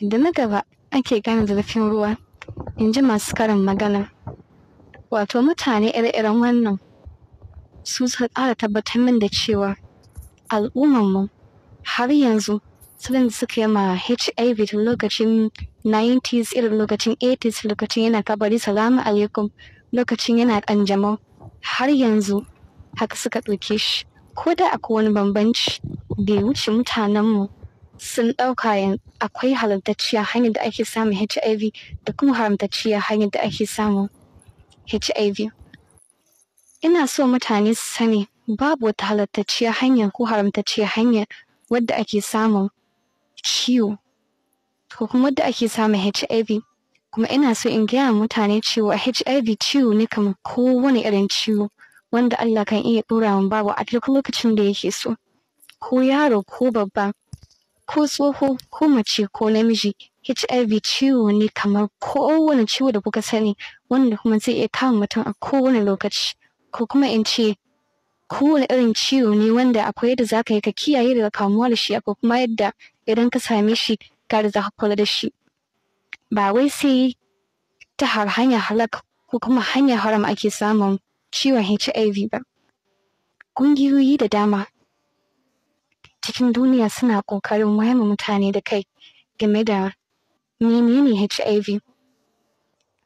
da na gaba ake gane zurfin ruwa in ji masu karin magana wato mutane ire-iren wannan su suka ƙara tabbatar min da cewa al'ummanmu har yanzu da suka yi ma hiv lokacin 90s irin lokacin 80s lokacin yana kabari salamu alaikum lokacin yana kanjamau.' har yanzu haka suka ɗauke shi ko da akwai wani bambanci bai wuce mutanenmu sun ɗauka akwai halittacciya hanyar da ake samun HIV da kuma haramtacciya hanyar da ake samun HIV. Ina so mutane su sani babu wata halittacciya hanyar ko haramtacciya hanyar wadda ake samun ciwo ko kuma wadda ake samun HIV. Kuma ina so in gaya mutane cewa HIV ciwo ne kamar kowane irin ciwo wanda Allah kan iya ɗora babu a duk lokacin da yake so. Ko yaro ko babba ko tsoho ko mace ko namiji HIV ciwo ne kamar kowane ciwo da kuka sani wanda kuma zai iya kama mutum a kowane lokaci ko kuma in ce kowane irin ciwo ne wanda akwai yadda za ka yi ka kiyaye daga kamuwa da shi ko kuma yadda idan ka same shi ka da ka kula da shi ba wai sai ta hanyar halak ko kuma hanyar haram ake samun ciwon HIV ba. Ƙungiyoyi da dama cikin duniya suna ƙoƙarin wayar mutane da kai game da menene HIV.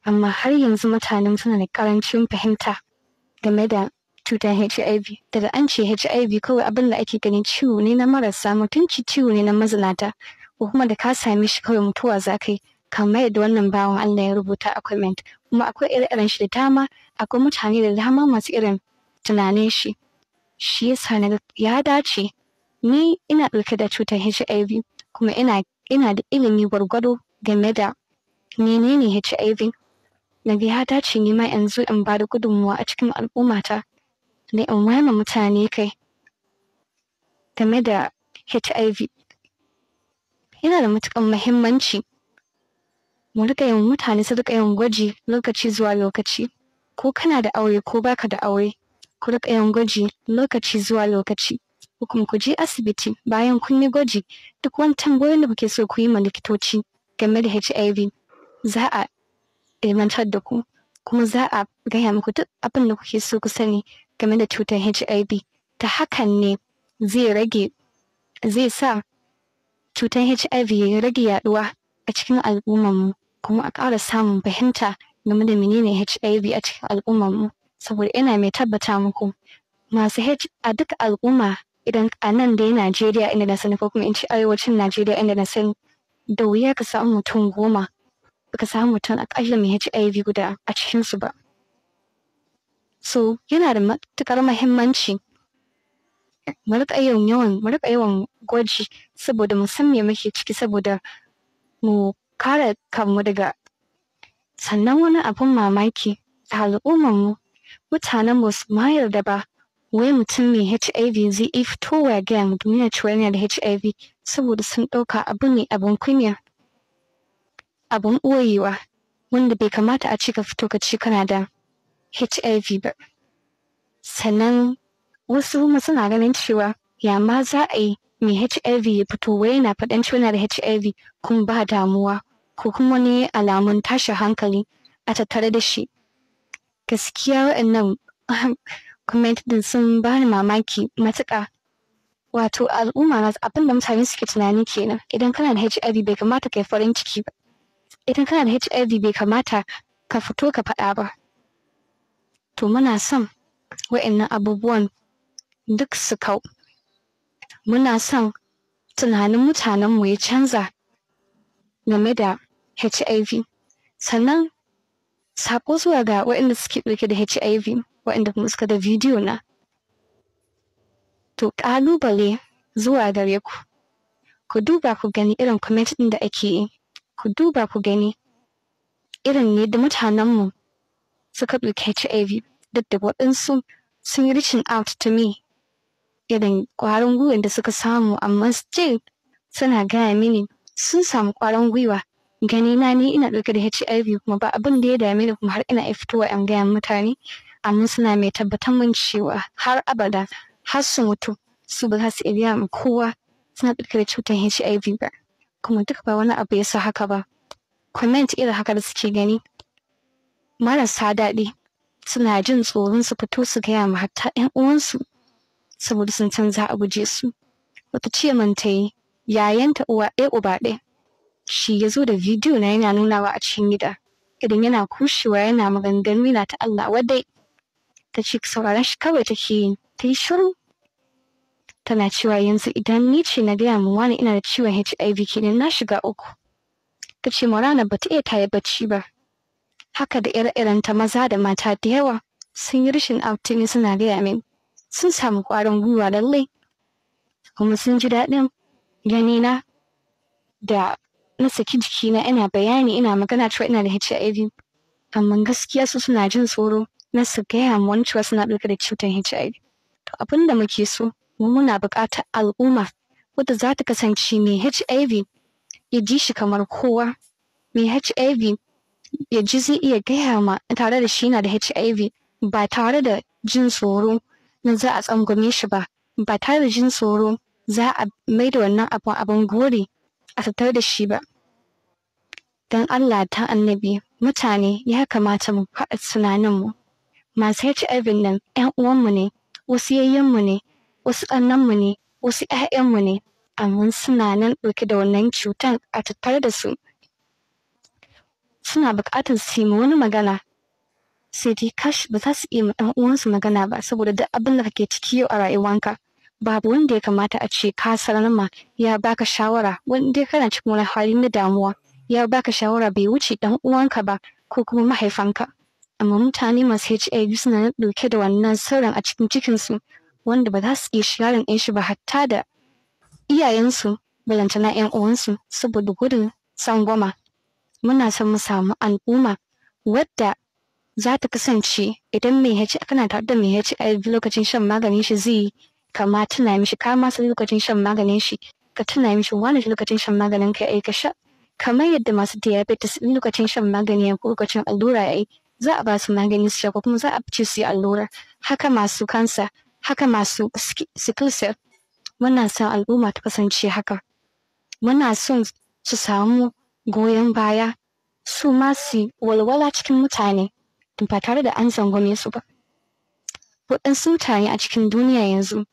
Amma har yanzu mutanen suna da ƙarancin fahimta game da cutar HIV. Daga an ce HIV kawai abin da ake gani ciwo ne na marasa mutunci ciwo ne na mazinata ko kuma da ka same shi kawai mutuwa za ka yi kamar yadda wannan bawan Allah ya rubuta a comment kuma akwai ire-iren shi da dama akwai mutane da dama masu irin tunanin shi shi yasa na ya dace ni ina ɗauke da cutar HIV kuma ina ina da ilimi gwargwado game da menene HIV Nabiha ta ce ni ma yanzu in ba da gudunmuwa a cikin al'ummata da in wani mutane kai game da HIV yana da matuƙar muhimmanci mu rika yin mutane su rika yin gwaji lokaci zuwa lokaci ko kana da aure ko baka da aure ku rika yin gwaji lokaci zuwa lokaci Kuma ku je asibiti bayan kun yi gwaji duk wani tambayoyin da kuke so ku yi ma likitoci game da HIV za a ilmantar da ku kuma za a gaya muku duk abin da kuke so ku sani game da cutar HIV ta hakan ne zai rage zai sa cutar HIV ya rage yaduwa a cikin al'ummarmu kuma a ƙara samun fahimta game da menene HIV a cikin al'ummarmu saboda ina mai tabbata muku masu H a duka al'umma idan a nan dai Najeriya inda na sani ko kuma in ce arewacin Najeriya inda na sani da wuya ka samu mutum goma ka samu mutum akalla mai HIV guda a cikin su ba. So yana da matuƙar muhimmanci mu riƙa yawan mu yawan gwaji saboda mu san me muke ciki saboda mu kare kanmu daga sannan wani abin mamaki a al'ummar mu mutanen mu su ma yarda ba wai mutum mai HIV zai iya fitowa ya gaya mutum cewa yana da HIV saboda sun ɗauka abu ne abin kunya abin ɓoyewa wanda bai kamata a ci ka fito ka ci kana da HIV ba sannan wasu kuma suna ganin cewa ya ma za a yi mai HIV ya fito wai yana faɗan cewa yana da HIV kuma ba damuwa ko kuma wani alamun tashin hankali a tattare da shi gaskiya waɗannan comment din sun bani mamaki matuƙa wato al'umma na abin da mutane suke tunani kenan idan kana da HIV bai kamata kai farin ciki ba idan kana da HIV bai kamata ka fito ka faɗa ba to muna son wa'annan abubuwan duk su kau muna son tunanin mutanen mu ya canza game da HIV sannan sako zuwa ga waɗanda suke ɗauke da HIV waɗanda kuma suka da bidiyo na to ƙalubale zuwa gare ku ku duba ku gani irin comment ɗin da ake yi ku duba ku gani irin ne da mutanenmu suka ɗauki HIV duk da waɗansu sun yi reaching out to me irin ƙwarin gwiwar da suka samu amma masjid suna gaya mini sun samu ƙwarin gwiwa gani na ni ina ɗauke da HIV kuma ba abin da ya dame ni kuma har ina fitowa in gaya mutane amma suna mai tabbatar min cewa har abada har su mutu su ba za su iya kowa suna ɗauke da cutar HIV ba kuma duk ba wani abu ya sa haka ba comment irin haka da suke gani marasa daɗi suna jin tsoron su fito su gaya ma hatta 'yan uwansu saboda sun canza a guje su wata ce man ta yi yayanta uwa ɗaya uba ɗaya shi ya zo da bidiyo na yana nunawa a cikin gida idan yana kushewa yana maganganu yana ta Allah wadai ta ce sauraron shi kawai take yi ta yi shiru tana cewa yanzu idan ni ce na gaya min wani ina da ciwon HIV kenan na shiga uku ta ce Morana ba ta iya tayi bacci ba haka da ire-iren ta maza da mata da yawa sun yi rashin abtini suna gaya min sun samu ƙwarin gwiwa lallai kuma sun ji daɗin ganina da na saki jikina ina bayani ina magana cewa ina da HIV amma gaskiya su suna jin tsoro na su gaya mu wani cewa suna ɗauke da cutar HIV. To abin da muke so mu muna buƙatar al'umma wadda za ta kasance mai HIV ya ji shi kamar kowa. Mai HIV ya ji zai iya gaya ma tare da shi yana da HIV ba tare da jin tsoro na za a tsangwame shi ba ba tare da jin tsoro za a maida wannan abin abin gori a fitar da shi ba. Don Allah ta annabi mutane ya kamata mu faɗa tunaninmu masu HIV nan ‘yan uwanmu ne, wasu yayyenmu ne, wasu ƙannanmu ne, wasu ‘ya'yanmu ne, amma suna nan ɗauke da wannan cutan a tattare da su. Suna buƙatar su yi wani magana sai dai kash ba za su iya ma ɗan uwansu magana ba saboda duk abin da kake ciki yau a rayuwanka babu wanda ya kamata a ce ka sarama ya baka shawara wanda kana cikin wani hali na damuwa ya baka shawara bai wuce ɗan uwanka ba ko kuma mahaifanka amma mutane masu HIV suna ɗauke da wannan sauran a cikin cikinsu wanda ba za su iya sharin ɗin shi ba hatta da iyayensu na 'yan uwansu saboda gudun tsangwama muna son mu samu al'umma wadda za ta kasance idan mai HIV kana tare da mai HIV lokacin shan maganin shi zai kama tuna mishi ka masa lokacin shan maganin shi ka tuna mishi wani lokacin shan maganin ka ya ka sha kamar yadda masu diabetes lokacin shan magani ya lokacin allura ya yi za a ba su magani su sha kuma za a fice su yi allura haka masu kansa haka masu sickle muna son al'umma ta kasance haka muna son su samu goyon baya su ma su walwala cikin mutane ba tare da an zangwame su ba waɗansu mutane a cikin duniya yanzu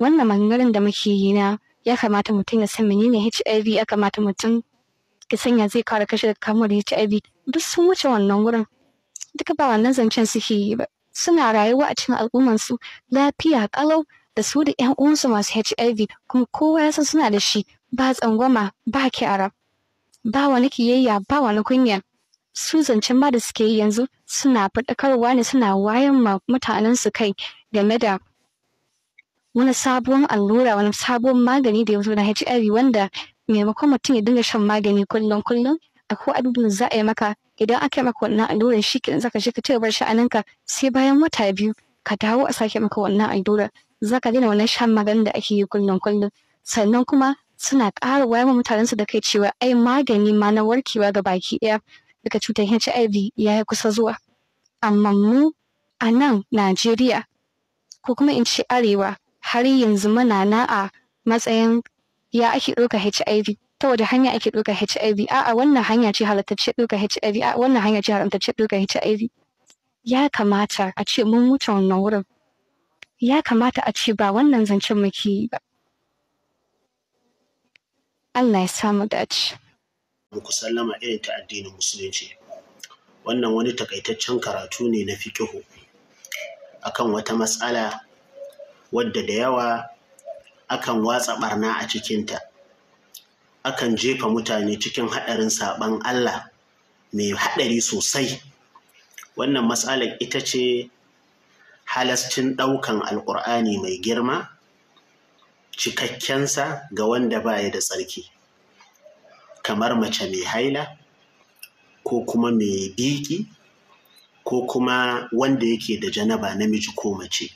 wannan maganganun da muke yi na ya kamata mutum ya san menene HIV ya kamata mutum ya sanya zai kare kashe daga kamar HIV duk sun wuce wannan wurin duka ba wannan zancen suke yi ba suna rayuwa a cikin al'ummansu lafiya kalau da su da yan uwansu masu HIV kuma kowa ya san suna da shi ba tsangwama ba kyara ba wani kiyayya ba wani kunya su zancen ba da suke yi yanzu suna faɗakarwa ne suna wayan ma mutanen su kai game da wani sabon allura wani sabon magani da ya zo na HIV wanda maimakon mutum ya dinga shan magani kullum kullum akwai abubuwan za a yi maka idan aka yi maka wannan allurar shi kenan zaka je ka ci bar sha'aninka sai bayan wata biyu ka dawo a sake maka wannan allurar zaka daina wannan shan maganin da ake yi kullum kullum sannan kuma suna ƙara wayar mutanen su da kai cewa ai magani ma na warkewa ga baki ɗaya daga cutar HIV ya yi kusa zuwa amma mu a nan Najeriya ko kuma in ce arewa har yanzu muna na a matsayin ya ake ɗauka HIV ta wace hanya ake ɗauka HIV a'a wannan hanya ce halattacce ɗauka HIV a'a wannan hanya ce haramtacce ɗauka HIV ya kamata a ce mun wuce wannan wurin ya kamata a ce ba wannan zancen muke yi ba Allah ya samu dace muku sallama irin ta addinin musulunci wannan wani takaitaccen karatu ne na fikihu akan wata matsala wadda da yawa akan watsa barna a cikinta akan jefa mutane cikin haɗarin saɓan Allah mai haɗari sosai wannan matsalar ita ce halascin ɗaukan alƙur'ani mai girma cikakkensa ga wanda ba ya da tsarki kamar mace mai haila ko kuma mai biki ko kuma wanda yake da janaba namiji ko mace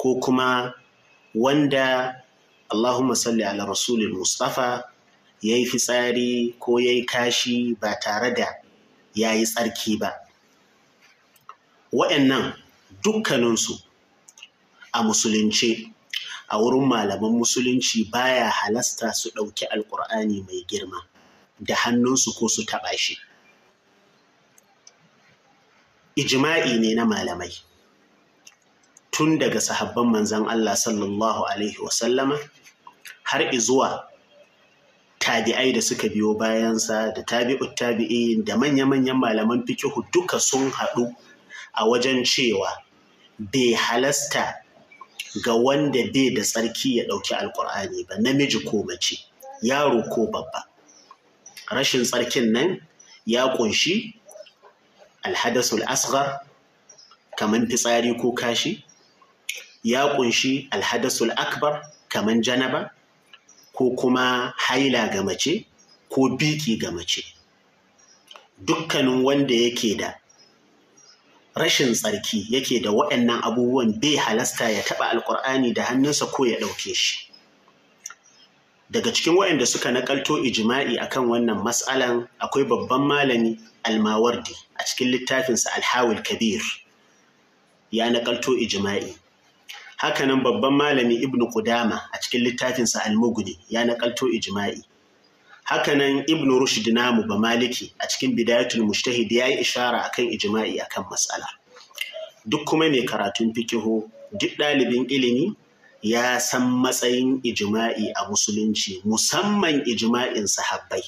ko kuma wanda Allahumma salli ala rasulil Mustafa ya yi fitsari ko ya yi kashi ba tare da ya yi tsarki ba. Wa'yannan dukkaninsu a Musulunci, a wurin malaman musulunci baya halasta su ɗauki alƙur'ani mai girma da hannunsu ko su taɓa shi. Ijima'i ne na malamai. Tun daga sahabban manzan Allah sallallahu Alaihi wasallama har izuwa tabi'ai da suka biyo bayansa da tabiu tabi'in da manya-manyan malaman fikihu duka sun haɗu a wajen cewa bai halasta ga wanda bai da tsarki ya ɗauki alkur'ani ba namiji ko mace yaro ko babba rashin tsarkin nan ya ƙunshi alhadasul asghar kaman fitsari ko kashi ya ƙunshi alhadasul akbar kaman janaba ko kuma haila ga mace ko biki ga mace dukkanin wanda yake da rashin tsarki yake da waɗannan abubuwan bai halasta ya taɓa alkur'ani da hannunsa ko ya ɗauke shi daga cikin waɗanda suka naƙalto ijima'i akan wannan matsalan akwai babban malami almawardi a cikin littafinsa alhawul kabir ya naƙalto ijima'i hakanan babban malami ibnu Kudama a cikin littafinsa al ya nakalto ijma'i hakanan ibnu rushd namu ba maliki a cikin bidayatul mushtahid ya yi ishara a akan ijma'i akan mas'ala duk kuma mai karatun fikihu duk ɗalibin ilimi ya san matsayin ijma'i a musulunci musamman ijma'in sahabbai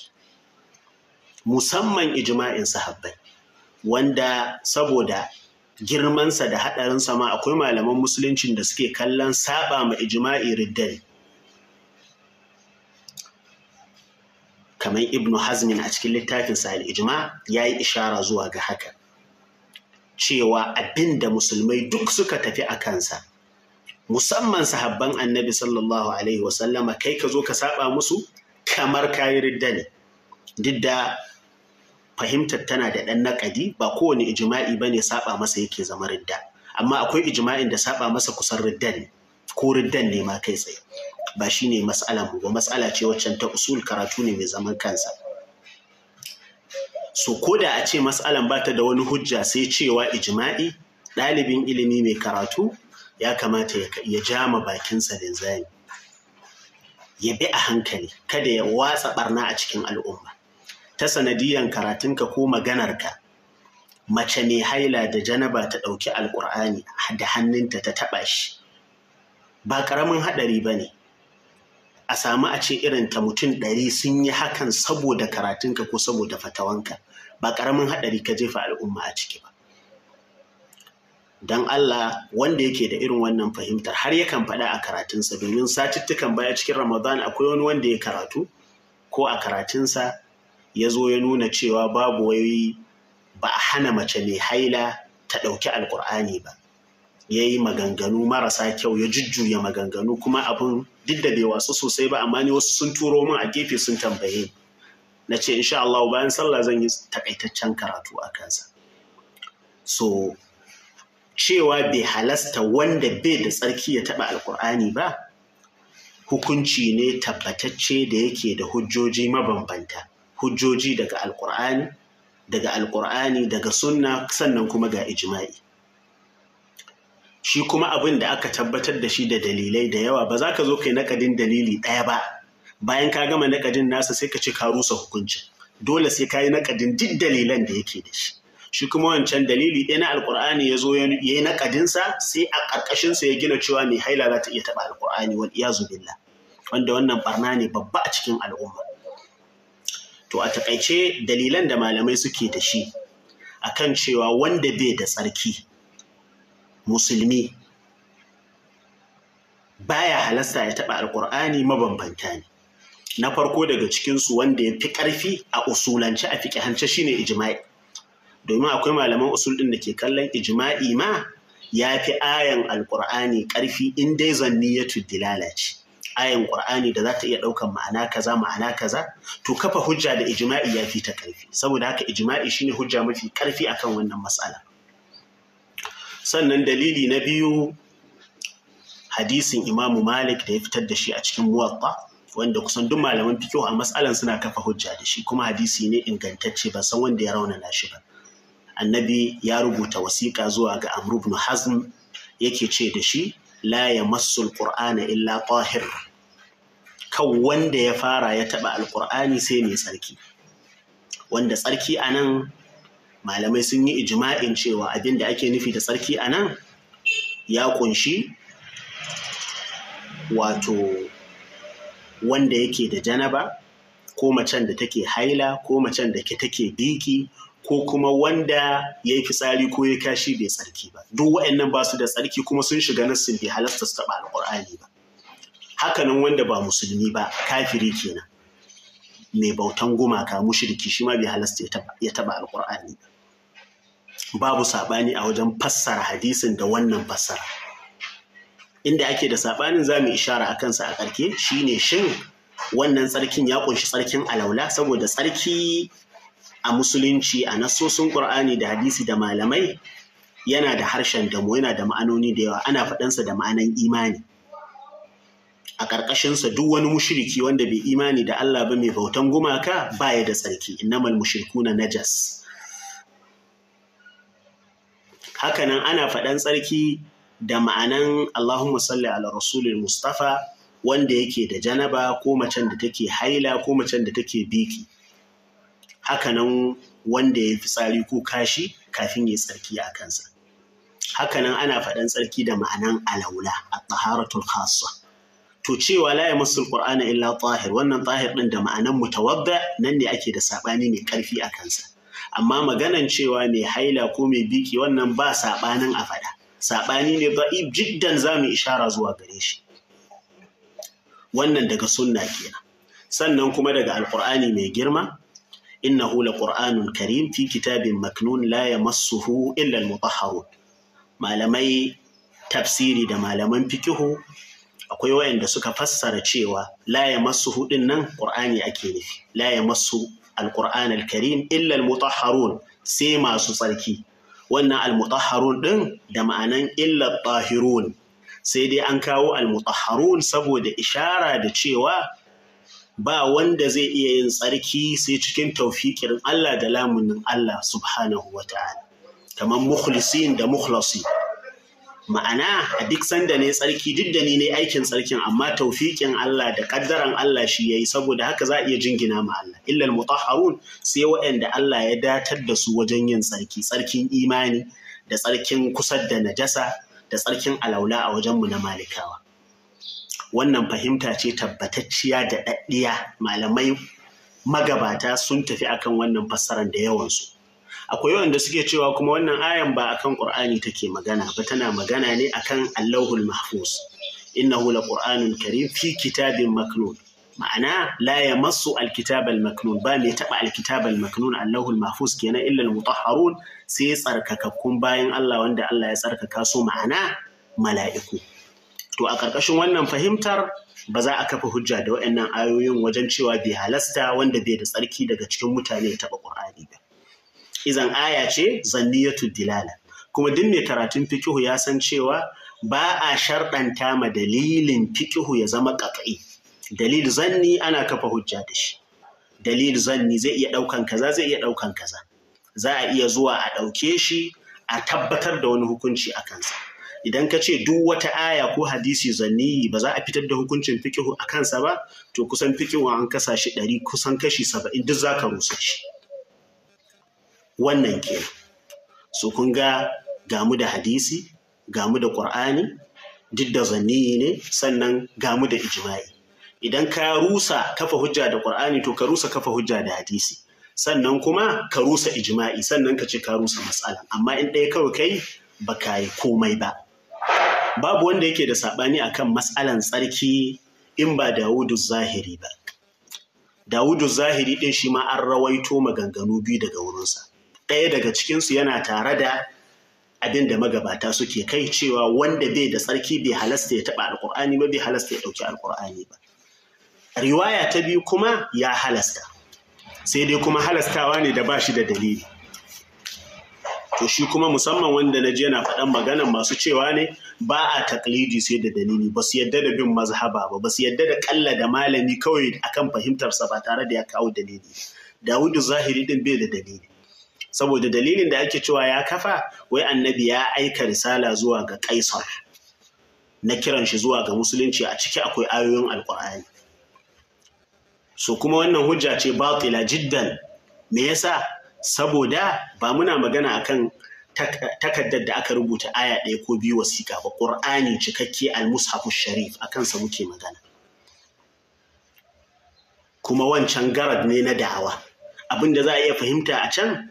musamman ijma'in sahabbai wanda saboda girmansa da haɗarinsa sama akwai malaman musuluncin da suke kallon saba ma ijma'i riddari kamar ibnu hazmin a cikin littafin sa'il ijma ya yi ishara zuwa ga haka cewa abinda musulmai duk suka tafi a kansa musamman sahabban annabi sallallahu alaihi wasallama kai ka zo ka saba musu kamar kayi ridda ne duk fahimtar tana da ɗan naƙadi ba kowane ijima'i ba ne saɓa masa yake zama ridda amma akwai ijima'in da saɓa masa kusan ridda ne ko riddan ne ma kai tsaye ba shi ne mas'ala mu ba matsala ce waccan ta usul karatu ne mai zaman kansa so ko da a ce mas'alan ba ta da wani hujja sai cewa ijima'i ɗalibin ilimi mai karatu ya kamata ya ja jama bakinsa da zai ya bi a hankali kada ya watsa barna a cikin al'umma ta sanadiyan karatunka ko maganarka mace mai haila da janaba ta ɗauki alƙur'ani da hannunta ta taɓa shi ba ƙaramin haɗari ba ne a samu a ce irin ta mutum ɗari sun yi hakan saboda karatunka ko saboda fatawanka ba ƙaramin haɗari ka jefa al'umma a ciki ba don Allah wanda yake da irin wannan fahimtar har yakan faɗa a karatunsa domin satuttukan baya cikin Ramadan akwai wani wanda ya karatu ko a karatunsa ya zo ya nuna cewa babu wai ba a hana mace mai haila ta ɗauki Alƙur'ani ba ya yi maganganu marasa kyau ya jujjuya maganganu kuma abin duk da bai wasu sosai ba amma ne wasu sun turo min a gefe sun tambaye na ce insha Allah bayan sallah zan yi takaitaccen karatu a kansa so cewa bai halasta wanda bai da tsarki ya taɓa alkur'ani ba hukunci ne tabbatacce da yake da hujjoji mabambanta hujjoji daga alkur'ani daga alkur'ani daga sunna sannan kuma ga ijma'i shi kuma abin da aka tabbatar da shi da dalilai da yawa ba za ka zo kai nakadin dalili ɗaya ba bayan ka gama nakadin nasa sai ka ce ka rusa hukuncin dole sai ka yi nakadin duk dalilan da yake da shi shi kuma wancan dalili ɗaya na alkur'ani ya zo ya yi nakadinsa sai a ƙarƙashinsa ya gina cewa mai haila za ta iya taɓa alkur'ani wal iyazu billah wanda wannan barna ne babba a cikin al'umma to a taƙaice dalilan da malamai suke da shi a kan cewa wanda bai da tsarki musulmi baya halasta ya taɓa alkur'ani mabambanta ne na farko daga cikinsu wanda ya fi ƙarfi a usulance a shi shine ijima'i, domin akwai malaman usul ɗin da ke kallon ijima'i ma ya fi ayan Alƙur'ani ƙarfi in dai zanni ya tuddilala ce ayan Qur'ani da za ta iya ɗaukan ma'ana kaza ma'ana kaza to kafa hujja da ijma'i ya fi ta ƙarfi saboda haka ijma'i shine hujja mafi karfi akan wannan matsala sannan dalili na biyu hadisin Imamu Malik da ya fitar da shi a cikin Muwatta wanda kusan duk malaman fiqh a matsalan suna kafa hujja da shi kuma hadisi ne ingantacce ba san wanda ya na shi ba annabi ya rubuta wasiƙa zuwa ga Amr ibn Hazm yake ce da shi la ya masu alƙur'ana illa tahir kan wanda ya fara ya taɓa alƙur'ani sai mai tsarki wanda tsarki a nan malamai sun yi ijma'in cewa abin da ake nufi da tsarki a nan ya ƙunshi. wato wanda yake da janaba ko macen da take haila ko macen da take biki ko kuma wanda ya yi fitsari ko ya kashi bai tsarki ba duk waɗannan ba su da tsarki kuma sun shiga sun bi halasta su taɓa alƙur'ani ba hakanan wanda ba musulmi ba kafiri kenan mai bautan gumaka mushriki shi ma bai halasta ya taɓa alƙur'ani ba babu saɓani a wajen fassara hadisin da wannan fassara inda ake da saɓanin za mu ishara a kansa a ƙarke shine shin wannan tsarkin ya ƙunshi tsarkin alaula saboda tsarki a musulunci a nasosin ƙur'ani da hadisi da malamai yana da harshen mu yana da ma'anoni da yawa ana faɗansa da ma'anan imani a ƙarƙashinsa duk wani mushriki wanda bai imani da Allah ba mai bautan gumaka baya da tsarki innamal mushrikuna najas hakanan ana faɗan tsarki da ma'anan Allahumma salli ala rasulil mustafa wanda yake da janaba ko macen da take haila ko macen da take biki hakanan wanda ya fitsari ko kashi kafin ya tsarki a kansa hakanan ana faɗan tsarki da ma'anan alaula a taharatul khasa. to cewa la ya masul qur'ana illa tahir wannan tahir ɗin da ma'anan mutawadda nan ne ake da saɓani mai ƙarfi a kansa amma maganan cewa mai haila ko mai biki wannan ba saɓanin a faɗa Saɓani ne ba jiddan za mu ishara zuwa gare shi wannan daga sunna kenan sannan kuma daga Alƙur'ani mai girma In na hula Kur'anun karim fi kitabin maknun la illal illa almutahharun malamai tafsiri da malaman fikihu akwai wayanda suka fassara cewa laya yamassuhu din nan qur'ani ake nufi la yamassu alqur'an alkarim illa almutahharun sai masu tsarki wannan almutahharun din da ma'anan illa tahirun sai dai an kawo almutahharun saboda ishara da cewa ba wanda zai iya yin tsarki sai cikin taufiƙin Allah da lamunin Allah subhanahu wa ta'ala kamar mukhlisin da mukhlasi ma'ana a duk sanda ne tsarki duk da ni ne aikin tsarkin amma taufiƙin Allah da ƙaddaran Allah shi yayi saboda haka za a iya jingina ma Allah illal mutahharun sai waɗanda Allah ya datar da su wajen yin tsarki tsarkin imani da tsarkin kusar da najasa da tsarkin alaula a wajen mu na malikawa wannan fahimta ce tabbatacciya da ɗaɗɗiya malamai magabata sun tafi akan wannan fassarar da yawansu akwai wanda suke cewa kuma wannan ayan ba akan qur'ani take magana ba tana magana ne akan allahul mahfuz innahu laqur'anun karim fi kitabin maknun ma'ana la yamassu alkitabal-maknun ba mai taba alkitabal-maknun allahul mahfuz kenan illa almutahharun sai tsarkakakkun bayan Allah wanda Allah ya tsarkaka su ma'ana mala'iku to a ƙarƙashin wannan fahimtar ba za a kafa hujja da waɗannan ayoyin wajen cewa bai halasta wanda bai da tsarki daga cikin mutane ya taɓa ƙur'ani ba izan aya ce zanni zanniyatu dilala kuma duk mai karatun fikihu ya san cewa ba a sharɗanta ma dalilin fikihu ya zama ƙaƙai dalil zanni ana kafa hujja da shi dalil zanni zai iya ɗaukan kaza zai iya ɗaukan kaza za a iya zuwa a ɗauke shi a tabbatar da wani hukunci a kansa idan ka ce duk wata aya ko hadisi zanni ba za a fitar da hukuncin fikihu a kansa ba to kusan fikihu an kasa shi ɗari kusan kashi saba'in duk za ka rusa shi wannan ke su kun ga gamu da hadisi gamu da ƙur'ani duk da zanni ne sannan gamu da ijma'i idan ka rusa kafa hujja da ƙur'ani to ka rusa kafa hujja da hadisi sannan kuma ka rusa ijma'i sannan ka ce ka rusa matsala amma in ɗaya kawai kai ba ka yi komai ba babu wanda yake da saɓani kan matsalan tsarki in ba Dawudu Zahiri ba. Dawudu Zahiri ɗin shi ma an rawaito maganganu biyu daga wurinsa. Ɗaya daga cikinsu yana tare da abin da magabata suke kai cewa wanda bai da tsarki bai halasta ya taɓa alƙur'ani ba bai halasta ya ɗauki alƙur'ani ba. Riwaya ta biyu kuma ya halasta. Sai dai kuma halastawa ne da ba shi da dalili. to shi kuma musamman wanda na je na faɗan maganan masu cewa ne ba a taklidi sai da dalili ba su yadda da bin mazhaba ba ba su yadda da kalla da malami kawai akan fahimtarsa ba tare da ya kawo dalili dawudu zahiri din bai da dalili saboda dalilin da ake cewa ya kafa wai annabi ya aika risala zuwa ga kaisar na kiran shi zuwa ga musulunci a ciki akwai ayoyin alkur'ani so kuma wannan hujja ce batila jiddan me yasa saboda ba muna magana akan takardar da aka rubuta aya ɗaya ko biyu wasiƙa ba ƙur'ani cikakke al-mushafu sharif a kansa muke magana kuma wancan garad ne na da'awa abin da za a iya fahimta a can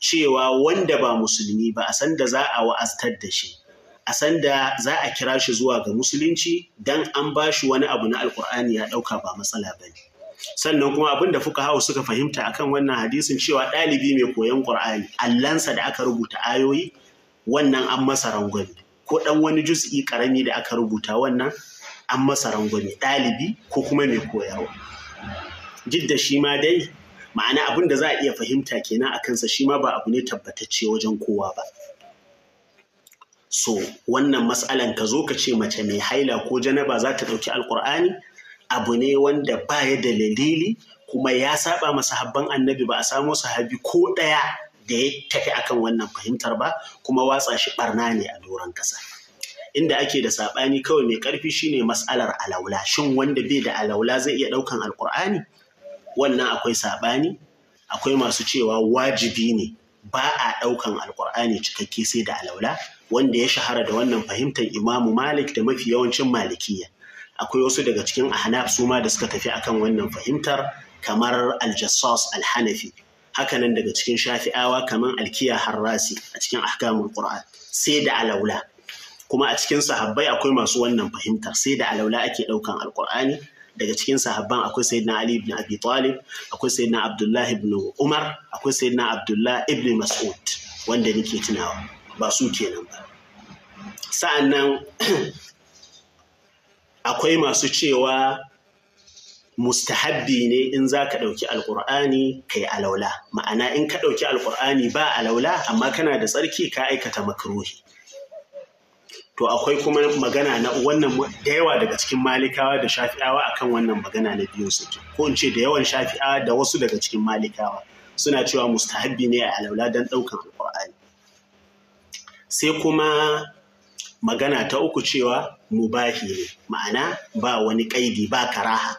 cewa wanda ba musulmi ba a san da za a wa'aztar da shi a san da za a kira shi zuwa ga musulunci dan an ba shi wani abu na Alƙur'ani ya ɗauka ba matsala ba ne sannan kuma abin da fuka hau suka fahimta akan wannan hadisin cewa ɗalibi mai koyon ƙur'ani allansa da aka rubuta ayoyi wannan an masa rangwani, ko ɗan wani juz'i ƙarami da aka rubuta wannan an masa rangwani, ɗalibi ko kuma mai koyarwa duk da shi ma dai ma'ana abin da za a iya fahimta kenan a kansa shi ma ba abu ne tabbatacce wajen kowa ba so wannan matsalan ka zo ka ce mace mai haila ko janaba za ta ɗauki alƙur'ani abu ne wanda ba ya da dalili kuma ya saba masa habban annabi ba a samo sahabi ko ɗaya da ya tafi akan wannan fahimtar ba kuma watsa shi barna ne a doron kasa. inda ake da saɓani kawai mai ƙarfi shine mas'alar alaula shin wanda bai da alaula zai iya ɗaukan alƙur'ani wannan akwai saɓani akwai masu cewa wajibi ne ba a ɗaukan alƙur'ani cikakke sai da alaula wanda ya shahara da wannan fahimtar imamu malik da mafi yawancin malikiya akwai wasu daga cikin ahnaf su ma da suka tafi akan wannan fahimtar kamar aljassas alhanafi hakanan daga cikin shafi'awa kamar alkiya harrasi a cikin ahkamul qur'an sai da alaula kuma a cikin sahabbai akwai masu wannan fahimtar sai da alaula ake ɗaukan alkur'ani daga cikin sahabban akwai sayyidina Ali ibn Abi Talib akwai sayyidina Abdullah ibn Umar akwai sayyidina Abdullah ibn Mas'ud wanda nake tunawa ba su kenan ba sa'annan akwai masu cewa mustahabbi ne in za ka ɗauki alƙur'ani ka yi alaula ma'ana in ka ɗauki alƙur'ani ba alaula amma kana da tsarki ka aikata makaruhi to akwai kuma magana na wannan da yawa daga cikin malikawa da shafi'awa akan wannan magana na biyu suke ko in ce da yawan shafi'awa da wasu daga cikin malikawa suna cewa mustahabbi ne a alaula don ɗaukan alƙur'ani sai kuma magana ta uku cewa mubahi ne ma'ana ba wani kaidi ba karaha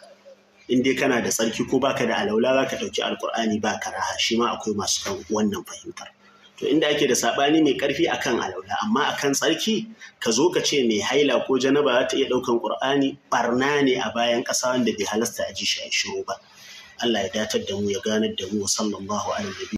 in dai kana da tsarki ko baka da alaula za ka ɗauki alkur'ani ba karaha shi ma akwai masu kan wannan fahimtar to inda ake da saɓani mai ƙarfi akan alaula amma akan tsarki ka zo ka ce mai haila ko janaba za ta iya ɗaukan ƙur'ani ɓarna ne a bayan ƙasa wanda bai halasta a ji shi a shiru ba Allah ya datar da mu ya ganar da mu sallallahu alaihi